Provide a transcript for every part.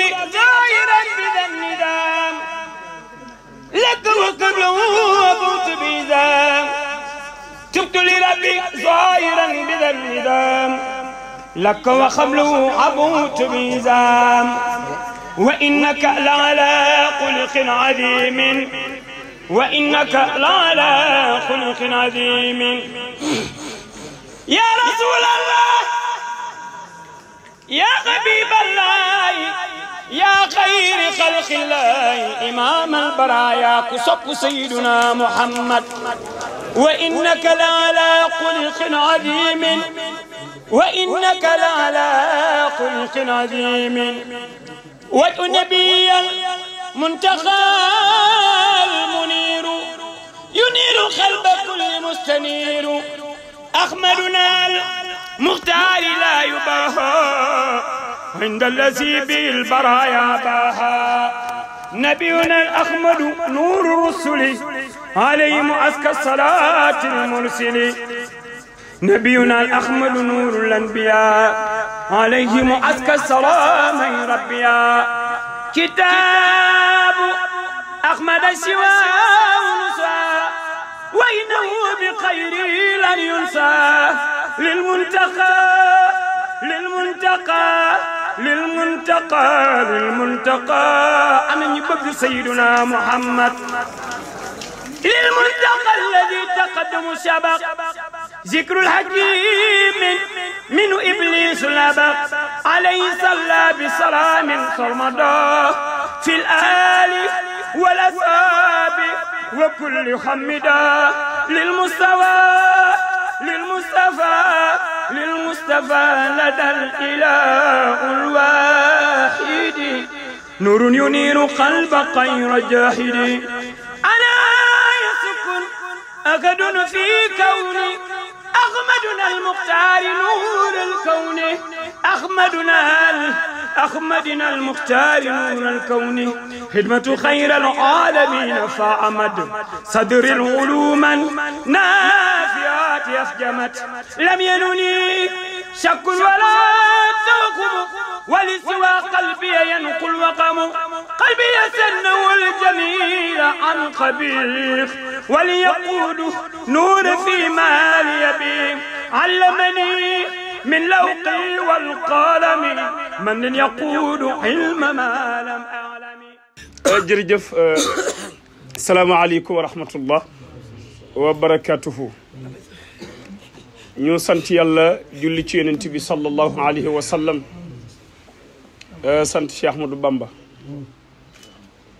التراب جائرا بذا الندام لك وقبله وقمت بذا تبت لربي زائرا بذا الندام لك وقبله عبوت بذا وإنك لعلى خلق عظيم وإنك لعلى خلق عظيم يا رسول الله يا حبيب الله yaa xayri xalqillaahi imaam albaraayaa ku sopp sayyiduna Muhammad wa innaka la alaa xuluqin aziimin wa innaka la alaa xuluqin aziimin wajhu nabiyyil muntaqal muniir yuniir qalba kulli mustaniir ahmaduna al muxtaar laa yubaaha عند الذي بالبرايا باها نبينا الأحمد نور الرسل عليهم أزكى الصلاة المرسل نبينا الأحمد نور الأنبياء عليهم أزكى السلام من ربيا كتاب أحمد سوى نسى وإنه بخير لن ينسى للمنتقى للمنتقى lil muntaqa lil muntaqa ana ñu bëgg sayyiduna muhammad lil muntaqa alladi taqaddamu sabaq zikrul hakim minu iblisu labaq alayhi salla bi salaamin sarmada fil ali wal asaabi wa kulli hamida lil mustawa للمصطفى للمصطفى لدى الإله الواحد نور ينير قلب غير جاحد ألا يسكن أكد في كوني أحمدنا المختار نور الكون أحمدنا أحمدنا المختار نور الكون خدمة خير العالمين فأمد صدر العلوم نافع الظلمات أسجمت لم ينني شك ولا توقم ولسوى قلبي ينقل وقم قلبي يسنه الجميل عن قبيح وليقود نور فيما ليبيم علمني من لوقي والقلم من يقود علم ما لم أعلم jërëjëf salaamaaleykum wa rahmatullah wa barakatuhu ñu sant yàlla julli ci yonent bi sallallahu alayhi wa sallam euh, sant Cheikh du Bamba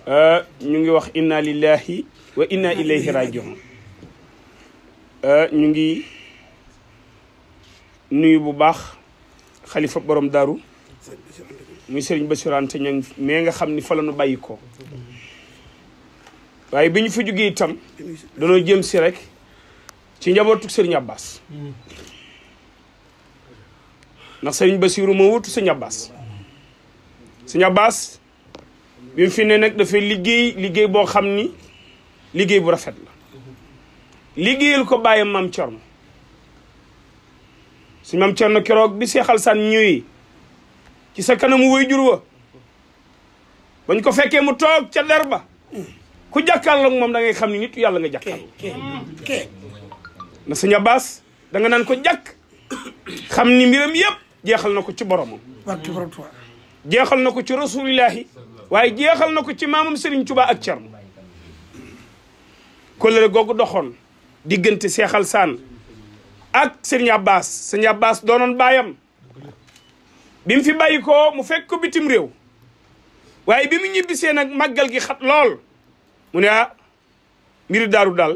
euh, ñu ngi wax inna lillahi wa inna ilayhi rajiun euh, ñu ngi nuyu bu baax xalifa borom daru muy sëriñ Bassirou Anta Niang mais nga xam ni fala nu bàyyi ko waaye bi ñu fa jógee itam danoo jëm si rek ci njabootu sëriñ Abbas ndax sëriñ Basiiru moo wutu sëñ Abbas sëñ Abbas bi mu fi ne nag dafay liggéey liggéey boo xam ni liggéey bu rafet la liggéeyal ko bàyyi maam Thierno suñ maam Thierno keroog bi Seex Alsaan ñëwee ci sa kanam waajur wa bañ ko fekkee mu toog ca der ba ku jàkkaarloog moom da ngay xam ni nit yàlla nga jàkkaarloo. na sëñ Abbas da nga naan ko jàkk xam ni mbiram yëpp jeexal na ko ci boromam jeexal na ko ci rasulillahi waaye jeexal na ko ci maamam Serigne Touba ak Thierno kóllëre googu doxoon diggante Seexal Saan ak Serigne Abbas Serigne Abbas doonoon baayam bi mu fi bàyyi ko mu fekk ko bitim réew waaye bi mu ñibbisee nag màggal gi xat lool mu ne ah mbiru daaru daal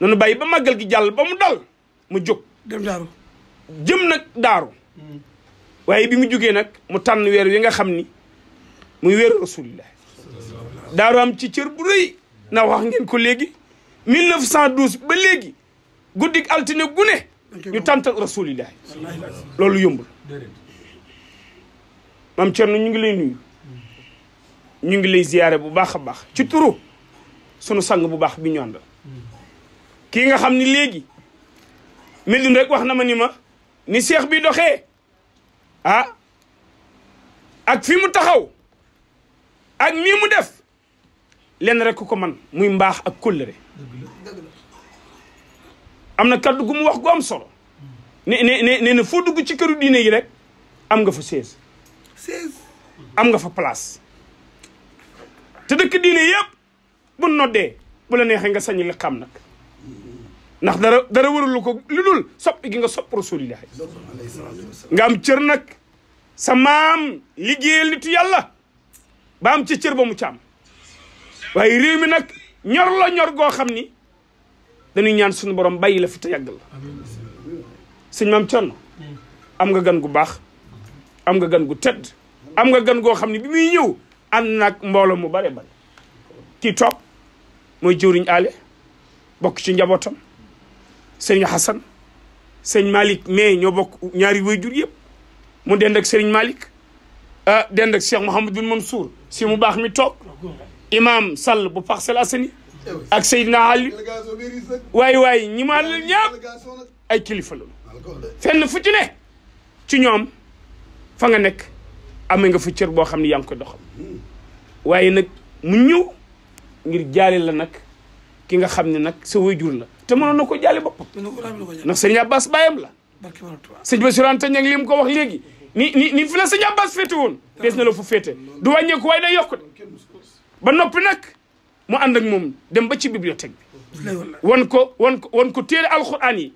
nanu bàyyi ba màggal gi jàll ba mu dal mu jóg. dem jëm nag daaru. waaye bi mu jógee nag mu tànn weer wi nga xam ni muy weeru rasulillah daaru am ci cër bu rëy na wax ngeen ko léegi 1912 ba léegi guddik altine gu ne ñu tàntal rasulillah loolu yombul maam Thierno ñu ngi lay nuyu ñu ngi lay ziyaare bu baax a baax ci turu sunu sang bu baax bi ñu àndal ki nga xam ni léegi Médine rek wax na ma ni ma ni seex bi doxee ah ak fi mu taxaw ak nii mu def lenn rek ku ko man muy mbaax ak kóllëre am na kaddu gu mu wax gu am solo ne ne ne ne foo dugg ci këru diine yi rek am nga fa seize seize am nga fa place te dëkk diine yëpp bu noddee bu la neexee nga sañi li am nag ndax dara dara warul ko lu dul sopp gi nga sopp rasulillah nga am cër nag sa maam liggéeyal nitu yàlla ba am ci cër ba mu caam waaye réew mi nag ñor la ñor goo xam ni dañuy ñaan suñu borom bàyyi la fi te yàgg la sëñ maam am nga gan gu baax am nga gan gu tedd am nga gan goo xam ne bi muy ñëw ànd nag mbooloo mu bare bare kii toog mooy jëwriñ ale bokk ci njabootam sëñ Hassan sëñ malik mais ñoo bokk ñaari wayjur yëpp mu dendak ak malik Malick ah dend ak Cheikh Mouhamadul Mansour si mu baax mi toog imam Sall bu Parcelles Assainies ak Seydina Ali waaye waaye ñi ma àndal ñëpp ay kilifa la fenn fu ci ne ci ñoom fa nga nekk amee nga fa boo xam ne yaa ngi koy doxal waaye nag mu ñëw ngir jaale la nag. ki nga xam ne nag sa waajur la te mënoon na ko jàlli boppam ndax sëñ Abbas bàyyam la sëñ Bassirou Anta Niang li ko wax léegi ni ni ni fi la sëñ Abbas féete woon des na la fu féete du wàññeeku waaye day yokk de ba nopp nag mu ànd ak moom dem ba ci bibliothèque bi wan ko wan ko wan ko téere alxuraan yi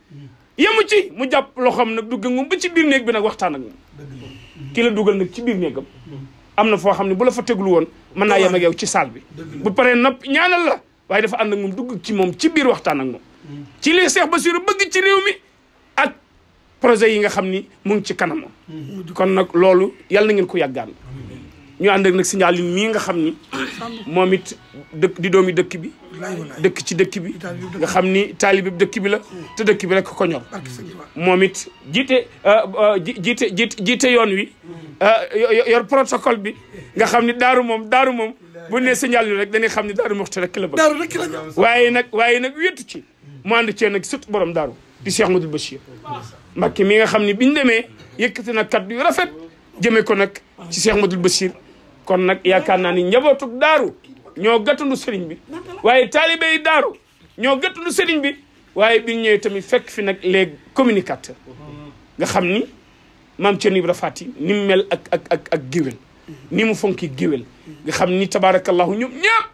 yemu ci mu jàpp loxoom nag dugg moom ba ci biir néeg bi nag waxtaan ak moom ki la dugal nag ci biir néegam am na foo xam ne bu la fa teglu woon mën naa yem ak ci saal bi bu paree nopp ñaanal la waaye dafa ànd ak moom dugg ci moom ci biir waxtaan ak moom. ci li Cheikh Bassirou bëgg ci réew mi ak projet yi nga xam ni mu ngi ci kanam. Mm-hmm. kon nag loolu yàlla na ngeen ko yàggaan. ñu ànd ak nag signal yi mii nga xam ni moom it dëkk di doomi dëkk bi dëkk ci dëkk bi nga xam ni taalibi dëkk bi la mm. te dëkk bi rek ko ñor moom it jiite euh, euh, jiite jiite jiite yoon wi mm. euh, yor protocole bi nga xam ni daaru moom daaru moom bu ne signal yi rek dañuy xam ni daaru moxti rek la bëgg waaye nag waaye nag wéetu ci mu ànd cee nag surtout borom daaru di Cheikh Modou Bachir Mbacké mi nga xam ni biñu demee yëkkati nag kaddu yu rafet jëmee ko nag ci Cheikh Modou Bachir kon nag yaakaar naa ni njabootug daaru ñoo gàttandu sëriñ bi waaye taalibe yi daaru ñoo gàttandu sëriñ bi waaye bi ñu tamit fekk fi nag les communicateurs nga xam ni maam Thierno Ibra Fati ni mel ak ak ak ak géwél ni mu fonki géwél nga xam ni tabaarakallahu ñoom ñëpp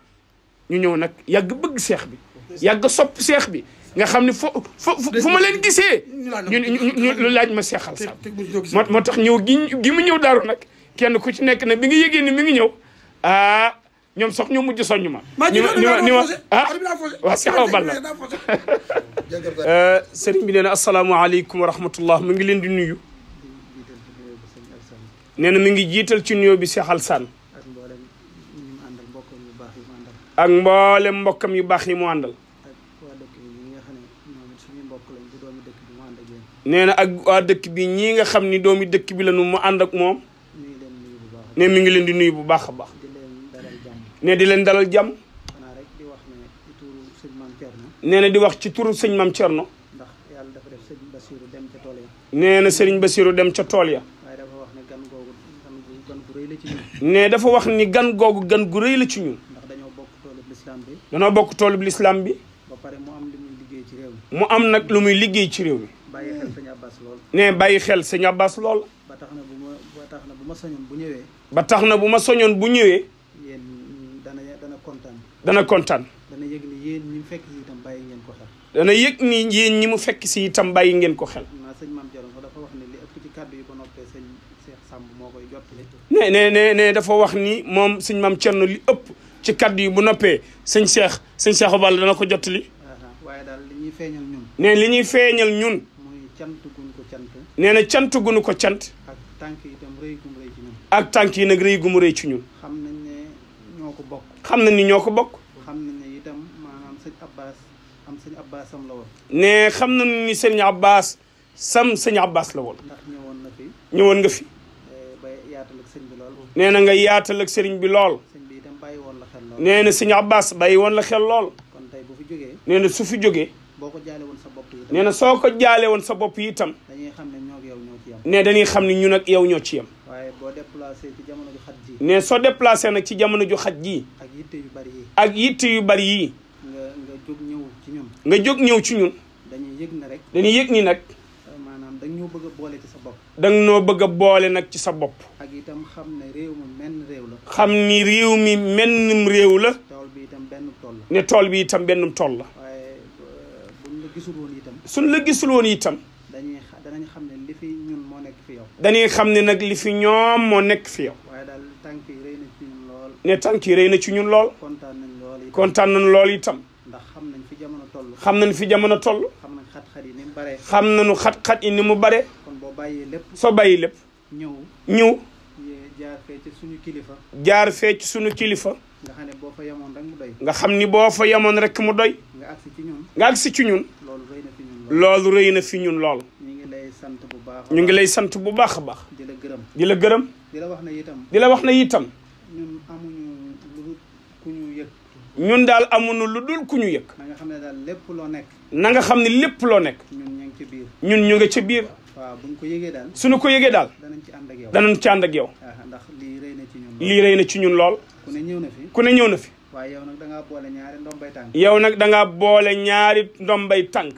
ñu ñëw nag yàgg bëgg seex bi yàgg sopp seex bi nga xam ne fo fo fu ma leen gisee ñu ñu laaj ma seexal sa moo tax ñëw gi gi mu ñëw daaru nag kenn ku ci nekk nag bi ngi yëgee ni mi ngi ñëw ah ñoom sax ñu mujj soññ ma. ñu ma ñu ma ah euh, asalaamaaleykum wa mu ngi leen di nuyu. nee na ngi jiital ci nuyoo bi Cheikh Alassane. ak mboolem mbokkam yu baax yi mu àndal. nee dëkk bi ñii nga xam ni doomi dëkk bi la nu mu ànd ak moom. ne mi ngi leen di nuyu bu baax a baax. ne di leen dalal jàmm. nee na di wax ci turu sëñ Maam Cerno. nee na sëriñ Basiiru dem ca tool ya. ne dafa wax ni gan googu gan gu rëy la ci ñun. danoo bokk toolub lislaam bi. ba pare mu am lu muy liggéey ci réew mi. mu am nag lu muy liggéey ci réew mi. bàyyi xel sëñ Abbas lool. ne bàyyi xel sëñ Abbas lool. ba tax na bu ma ba tax na bu ma sañoon bu ñëwee. ba tax na bu ma soñoon bu ñëwee. yéen dana dana kontaan. dana kontaan. dana yëg ni yéen ñi mu fekk si itam bàyyi ngeen ko xel. dana yëg ni yéen ñi mu fekk si itam bàyyi ngeen ko xel. naa sëñ Mame Diarra Fada dafa wax ni ëpp ci kàddu ba noppee sëñ Cheikh Samb moo koy jottali. ne ne ne ne dafa wax ni moom sëñ Mame Thierno li ëpp ci kaddu yi bu noppee sëñ Cheikh sëñ Cheikh Balla dana ko jottali. waaye daal li ñuy feeñal ne li ñuy feeñal ñun. muy cant guñ ko cant. nee na cant gunu ko cant. ak tànk itam ak tànk yi nag rëy gu mu ci ñun. xam nañ ñoo ko bokk. xam nañ ni ñoo ko bokk. xam ne itam maanaam sëñ Abbas am sëñ Abbas sam la woon. ne xam na ni sëñ Abbas sam sëñ Abbas la woon. ndax ñëwoon na fi. ñëwoon nga fi. Eh, ba yaatal ak sëñ bi lool. nee na nga yaatal ak sëriñ bi lool. sëñ bi itam bàyyi woon la xel lool. nee na sëñ Abbas bàyyi woon la xel lool. kon tey bu fi jógee. nee na su fi jógee. boo ko jaale sa bopp yi nee na soo ko jaale woon sa bopp yi itam. dañuy xam ne ñoo ak yow ñoo ci yem. ne dañuy xam ne ñun ak yow ñoo ci yem. déplacé ci ne soo déplacé nag ci jamono ju xat ji. ak yitte yu bari yi. ak yitte yu bari yi. nga nga jóg ñëw ci ñun. nga jóg ñëw ci ñun. dañuy yëg na rek. dañuy yëg ni nag. Euh, maanaam da ñoo bëgg a boole ci sa bopp. da nga ñoo bëgg a boole nag ci sa bopp. ak itam xam ne réew mi menn réew la. xam ni réew mi mennum réew la. tool bi itam benn tool la. ne tool bi itam benn tool la. waaye euh, buñ la gisul woon itam. suñ xam ne li fi dañuy xam ne nag li fi ñoom moo nekk fi yow. ne tànk yi rëy na ci ñun lool. kontaan nañ lool itam. ndax xam nañ fi jamono toll. xam nañ fi jamono toll. xam nañ xat-xat yi ni mu xam nañu xat-xat yi ni mu bare. kon boo bàyyi lépp. soo bàyyi lépp. ñëw ñëw. jaar fee ci suñu kilifa. jaar fee suñu kilifa. nga xam boo fa yemoon rek mu doy. nga xam ni boo fa yemoon rek mu doy. nga agsi ci ñun. ñun. loolu rëy loolu rëy na fi ñun lool. ñu ngi lay sant bu baax a baax. di la gërëm di la gërëm. di la wax na itam di la wax na itam. ñun amuñu lu dul ku ñu lu dul ku ñu yëg. na nga xam ne lépp loo nekk. na xam ne lépp loo nekk. ñun ñu ngi ci biir. ñun ñu ngi ci biir. waaw ko yëgee daal. suñu ko yëgee daal. danañ ci ànd ak yow danañ ci ak yow. Ah, ndax lii rey na ci ñun. lii rëy ci ñun lool. ku ne ñëw na fi ku ne ñëw na fi. waaye yow nag da ngaa boole ñaari ndombay tànk. yow nag da ngaa boole ñaari ndombay tànk.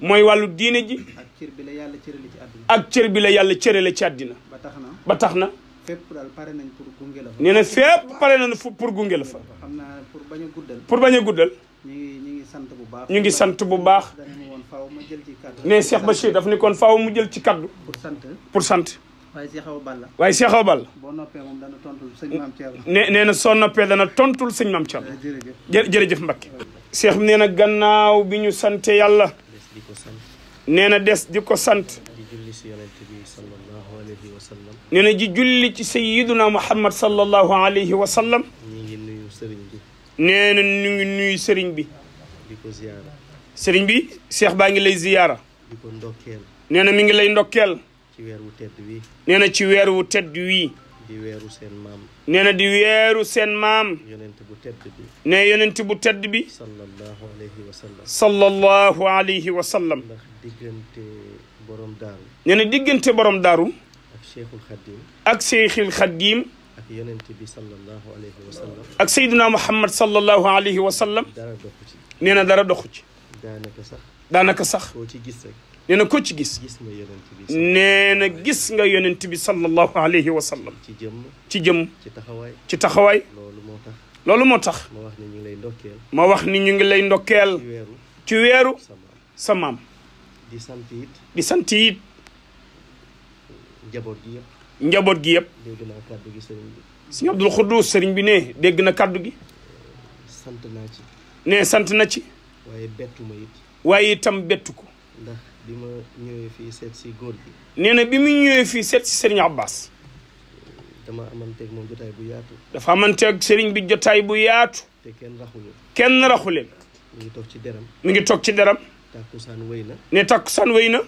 mooy wàllu diine ji. cër bi la yàlla cërale ci àddina. ak cër bi la yàlla cërale ci àddina. ba tax na ba tax na. fépp daal pare nañ pour gunge la fa. nee na fépp pare pour gunge la fa. xam naa pour bañ a guddal. pour bañ a guddal. ñu ngi ñu ngi sant bu baax. ñu ngi sant bu baax. ne Cheikh Bachir daf ni kon faaw mu jël ci kaddu. pour sant pour sant. waaye Cheikh Awa Balla. waaye Cheikh Awa Balla. boo noppee dana tontul sëñ Maam Thierno. nee nee na soo noppee dana tontul sëñ Maam Thierno. jërëjëf jërëjëf Mbacke. Cheikh nee na gannaaw bi ñu sante yàlla. di ko nee na des di ko sant nee na ji julli ci sayyiduna Muhammad sallallahu alayhi wa sallam nee na ñu ngi nuyu sëriñ bi sëriñ bi seex baa ngi lay ziyaara nee na mi ngi lay ndokkeel nee ci weer wu tedd wii di weeru seen maam. nee na di weeru seen maam. yonent bu tedd bi. nee yonent bu tedd bi. sallallahu alayhi wa sallam. sallallahu alayhi wa sallam. ndax diggante borom daaru. nee na diggante borom daaru. ak Cheikhul Khadim. ak Cheikhul Khadim. ak yonent bi sallallahu alayhi wa sallam. ak Seydina Muhammad sallallahu alayhi wa sallam. dara doxu ci. nee na dara doxu ci. daanaka sax. daanaka sax. koo ci gis rek. nee na ko ci gis nee na gis nga yonent bi sallallahu alayhi wa sallam ci jëmm ci jëmm ci taxawaay ci taxawaay loolu moo tax loolu moo tax ma wax ni ñu ngi lay ndokkeel ma wax ni ñu ngi lay ndokkeel ci weeru samaam di sant di sant it njaboot gi yëpp njaboot gi yëpp dégg gi sëriñ bi sëriñ Abdul Xuddus sëriñ bi ne dégg na kàddu gi eh, sant naa ci ne sant na ci waaye bettu ma it waaye itam bettu ko ndax bi ma ñëwee fii seet si góor gi. nee na bi mu ñëwee fii seet si Serigne Abbas. dama amanteeg moom jotaay bu yaatu. dafa amanteeg Serigne bi jotaay bu yaatu. kenn raxuleen. kenn raxuleen. mi ngi toog ci deram. mi ngi toog ci deram. takkusaan wéy na. ne takkusaan wéy na.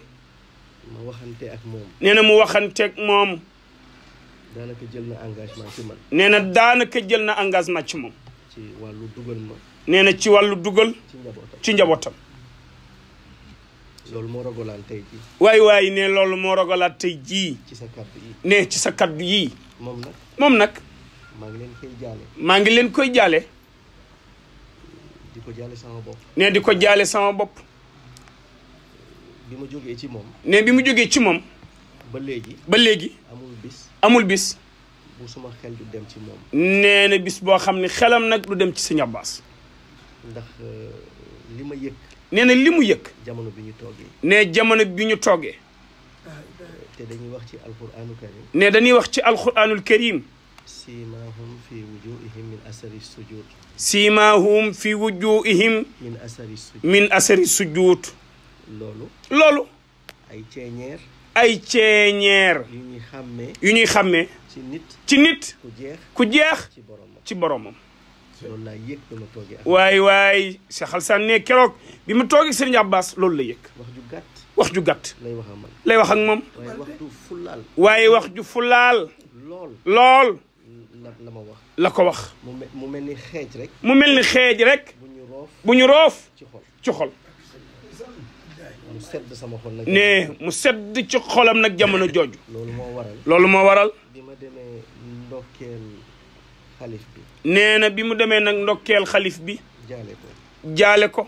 ma waxante ak moom. nee na mu waxanteeg moom. daanaka jël na engagement ci man. nee na daanaka jël na engagement ci moom. ci wàllu dugal ma. nee na ci wàllu dugal. ci njabootam. loolu moo rogalaat tey jii. waay waay ne loolu moo rogalaat tey jii. ci sa kaddu yi ne ci sa kaddu yii. moom moom nag. maa ngi leen koy jaale. maa ngi leen koy jaale. di ko jaale sama bopp. ne di ko jaale sama bopp. bi ma jógee ci moom. ne bi mu jógee ci moom. ba léegi. ba léegi. amul bis. amul bis. bu suma xel du dem ci moom. nee na bis boo xam ne xelam nag du dem ci Sëñ Abbas. ndax euh, li ma yëg. nee na li mu yëg. jamono bi ñu toogee. ne jamono bi ñu toogee. te dañuy wax ci alquraanul karim. ne dañuy wax ci alquraanul karim. siimaahum fi wujuuhihim min asari sujuud. siimaahum fi wujuuhihim. min asari sujuud min asari sujuud. loolu. loolu. ay ceeñeer. ay ceeñeer. yu ñuy xàmmee. yu ñuy xàmmee. ci nit. ci ku jeex ci boromam ci boromam. waay waay Cheikh Alassane ne keroog bi mu toogee Serigne Abbas loolu la yëg wax ju gàtt wax ju gàtt lay wax ak moom waaye wax ju fulaal lool la ko wax mu mel ni xeej rek mu mel ni xeej rek bu ñu roof ci xol ne mu sedd ci xolam nag jamono jooju loolu moo waral bi ma demee ndokkeel xalif bi na bi mu demee nag ndokkeel xalif bi jaale ko jaale ko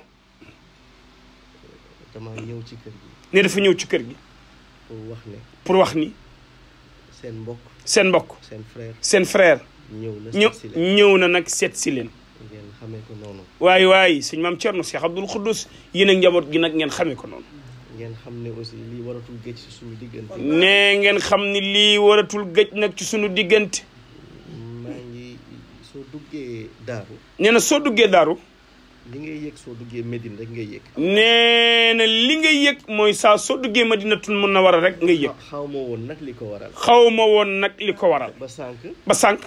dama ñëw ci kër ne dafa ñëw ci kër gi pour wax ne pour wax ni seen mbokk seen mbokk seen frère seen frère ñëw na ñëw ñëw na nag seet si leen ngeen xamee ko noonu waaye waaye sëñ maam Thierno Cheikh Abdoul Khoudous yéen ak njaboot gi nag ngeen xamee ko noonu ngeen xam ne aussi lii waratul gëj ci ne ngeen xam ne lii waratul gëj nag ci suñu diggante duggee daaru. nee na soo duggee daaru. li ngay yëg soo duggee Medine rek ngay yëg. na li ngay yëg mooy saa soo duggee Madinatul Munawwara rek ngay yëg. Ah, xaw ma woon nag li ko waral. xaw ma woon nag li ko waral. ba sànq. ba sànq.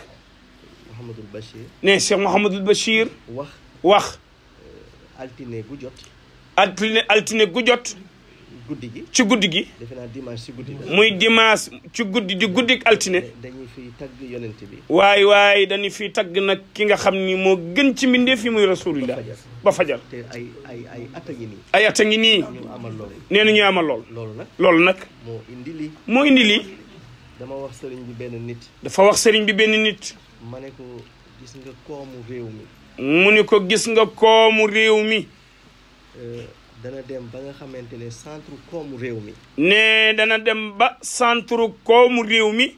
Mouhamadul Bachir. nee Cheikh Mouhamadul Bachir. wax wax. altine gu altine altine jot. guddi gi ci guddi gi. defe naa dimanche ci guddi muy dimanche ci guddi di guddi altine. dañuy fiy tagg yonent bi. waay waay dañuy fiy tagg nag ki nga xam ni moo gën ci mbindeef yi muy rasulullah ba fajar te ay ay ay ay at a ngi nii. amal lool nee na amal lool. loolu nag loolu nag. moo indi lii. moo indi lii. dama wax sëriñ bi benn nit. dafa wax sëriñ bi benn nit. ma ne ko gis nga koomu réew mi. mu ne ko gis nga koomu réew mi. Euh, dana dem ba nga xamante ne centre koomu réew mi. ne dana dem ba centre koomu réew mi.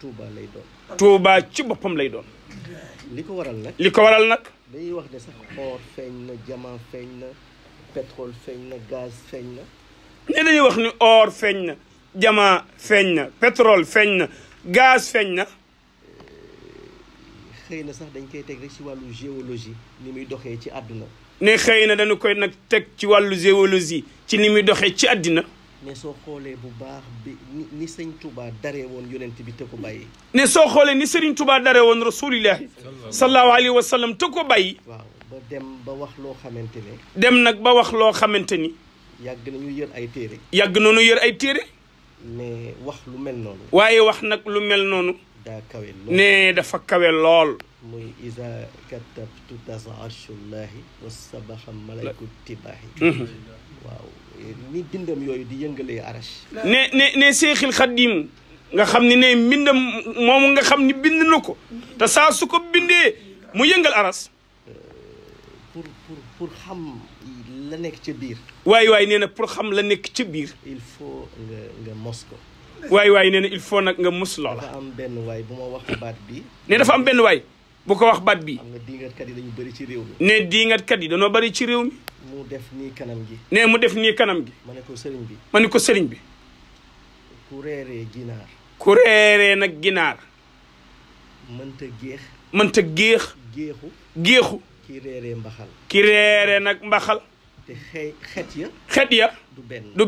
Touba lay doon. Touba ci boppam lay doon. li ko waral nag. li ko waral nag. dañuy wax ne sax or feeñ na diamant feeñ na pétrole feeñ na gaz feeñ na. ne dañuy or feeñ na diamant feeñ na pétrole feeñ na gaz feeñ na. Eh, xëy na sax dañ koy teg rek ci wàllu géologie ni muy doxee ci àdduna. ne xëy na dañu koy nag teg ci wàllu géologie ci ni muy doxee ci àddina ne soo xoolee bu baax bi ni sëñ tubaa daree woon yonent bi te ko bàyyi. ne soo xoolee ni sëriñ Touba daree woon rasulillahi sallallahu alayhi wa sallam te ko bàyyi. waaw ba dem ba wax loo xamante ne. dem nag ba wax loo xamante ni. yàgg nañu yër ay téere. yàgg nañu yër ay téere. mais wax lu mel noonu. waaye wax nag lu mel noonu. daa kawe ne dafa kawe lool. muy isa katabtu tasa arshullahi wasabaxa malayku tibaahi mm-hmm. waaw ni bindam yooyu di yëngalee arash ne ne ne seexil xaddiim nga xam ni ne mbindam moom nga xam ne bind na ko te su ko bindee mu yëngal aras euh, pour pour pour xam la nekk ca biir waay waay nee na pour xam la nekk ca biir il faut nga nga mos ko waay waay nee na il faut nag nga mos loola am benn waay bu ma wax bi ne dafa am benn waay bu ko wax baat bi. am na diingatkat yi dañu bëri ci réew mi. ne diingatkat yi dañoo bëri ci réew mi. mu def nii kanam gi. ne mu def nii kanam gi. ma ne ko sëriñ bi. ma ko sëriñ bi. ku reeree ginaar. ku reeree nag ginaar. mënta géex. mënta géex. géexu géexu. ki reeree mbaxal. ki reeree nag mbaxal. te xet ya. xet ya. du benn du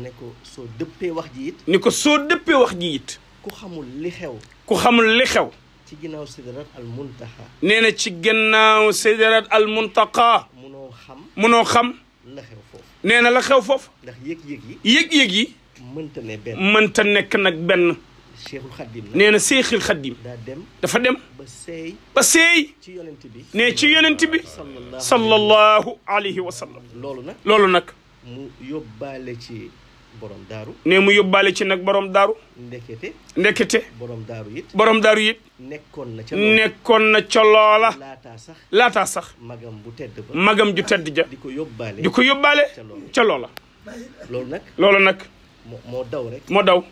ne ko soo dëppee wax ji it. ni ko soo dëppee wax ji it. ku xamul li xew. ku xamul li xew. ci ginnaaw sidraat al muntaha nee na ci ginnaaw sidraat al muntaha munoo xam munoo xam la xew foofu nee na la xew foofu ndax yëg-yëg yi yëg-yëg ne benn mënta nekk nag benn Cheikhul Khadim nee na Cheikhul Khadim daa dem dafa dem ba seey ba ci yonent bi nee ci yonent bi sallallahu alayhi wa sallam loolu nag loolu nag mu yóbbaale ci borom daaru ne mu yóbbaale ci nag borom daaru ndekete ndekete borom daaru it borom daaru it nekkoon na ca loola nekkoon na ca loola sax laataa sax magam bu tedd ba magam ju tedd ja di ko yóbbaale di ko yóbbaale ca loola loolu nag loolu nag moo daw rek moo daw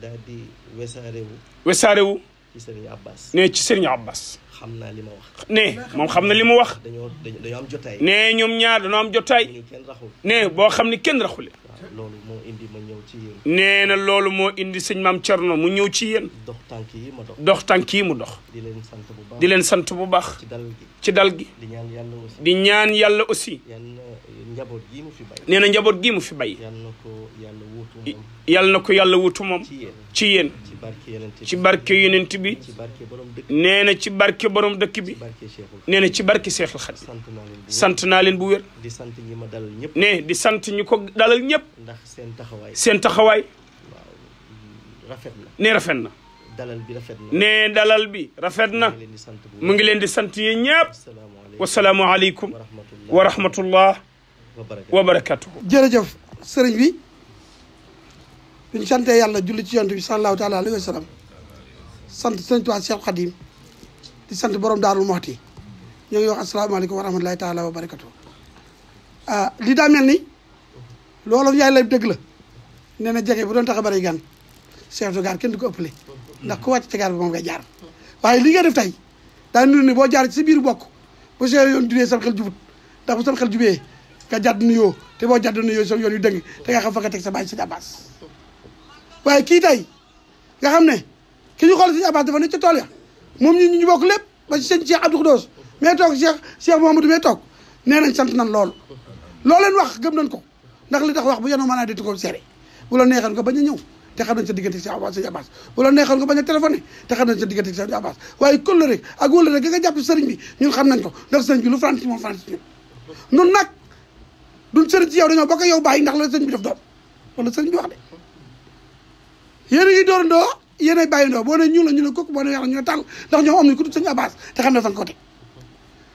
daal di wesaarewu wesaarewu ci sëriñ Abbas ne ci sëriñ Abbas xam naa li ma wax ne moom xam na li mu wax dañoo dañoo am jotaay ne ñoom ñaar dañoo am jotaay ne boo xam ne kenn raxule loolu moo indi ma ñëw ci yéen. nee na loolu moo indi sëñ maam Thierno mu ñëw ci yéen. dox tànk yi ma dox dox tànk yi mu dox. di leen sant bu baax di leen sant bu baax. ci dal ci dal gi. di ñaan yàlla di ñaan yàlla aussi. njaboot gii mu fi bay nee na njaboot gii mu fi bay yal na ko yàlla wuutu moom na ko yàlla wuutu moom ci yéen ci barke yonent bi nee na ci barke borom dëkk bi nee na ci barke Seexul Xadim sant naa leen bu wér di sant ñi ma dalal ñëpp nee di sant ñu ko dalal ñëpp ndax seen taxawaay seen taxawaay rafet na nee rafet na dalal bi rafet na nee dalal bi rafet na mu ngi leen di sant yéen ñëpp wasalaamualeykum wa rahmatullah wa barakatu jërëjëf sëriñ bi biñ santee yàlla julli ci yonent bi sallallahu taala alayhi wa sallam sant sëriñ Tuubaa Seex Xaadim di sant borom daarul moxti ñoo ngi wax asalaamaaleykum wa rahmatulahi taala wa barakatu ah li daa mel ni loolu yaay lay dëgg la nee na jege bu doon tax a bari gan chef de gare kenn du ko ëppale ndax ku wàcc ci gare moom ngay jaar waaye li nga def tey daa nuru boo jaar ci bokk bu see yoon jubee sam xel jubut ndax bu sam xel nga jàdd nuyoo te boo jàdd nuyoo sa yoon yu dëng te nga xam fa nga teg sa waaye kii tey nga xam ne ki ñu xool sëñ Abbas dafa ne ca tool ya moom ñu ñu bokk lépp ba ci sëñ Cheikh Abdou Khoudoss mais toog Cheikh Cheikh Mouhamadou mais toog nee nañ sant nañ loolu loolu leen wax gëm nañ ko ndax li tax wax bu yenoo mën naa di ko seere bu la neexoon nga bañ a ñëw te xam nañ nga bañ a téléphoné te xam nañ sa diggante sëñ Abbas ga nga jàpp sëriñ bi ñun xam nañ ko ndax sëriñ bi lu France moom France ñun nag duñ sëriñ ci yow dañoo bokk yow bàyyi ndax la bi def doom wala sëriñ bi de yéen a ngi doorandoo yéen ay bàyyindoo boo ne ñuul la ñu ne kooku boo ne weex la ñu ne tàng ndax ñoom am nañ ku tudd sëñ Abbas te xam ne fan ko teg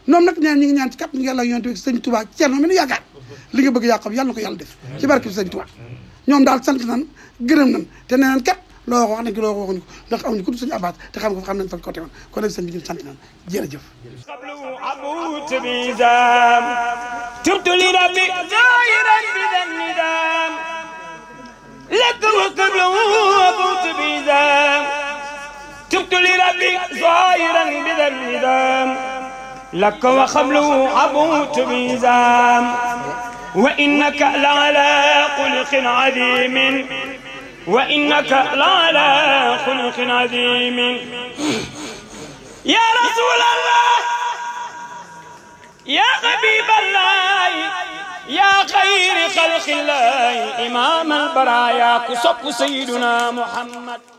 nag ñaan ñi ngi ñaan ci kàttan yàlla yonent bi sëñ Touba Ceerno mi nu yaakaar li nga bëgg yàqam yàlla na ko yàlla def ci barke bi sëñ Touba ñoom daal sant nan gërëm nan te nee kat loo wax wax nañ ko loo waxuñu ko ndax amuñu ku dul suñu abaat te xam nga fa xam nañ fan ko teewoon kon nag sëñ bi ñun sant nañ jërëjëf تبت لربي زايرا بذا الندام لك وقبله أبوت بذام تبت لربي زايرا بذا الندام لك وقبله أبوت بذام وإنك لعلى خلق عظيم wa innaka la ala xuluqin azimin ya rasulallah ya xabiballah ya xayri xalqillah imam albaraya ku sopp sayyiduna muhammad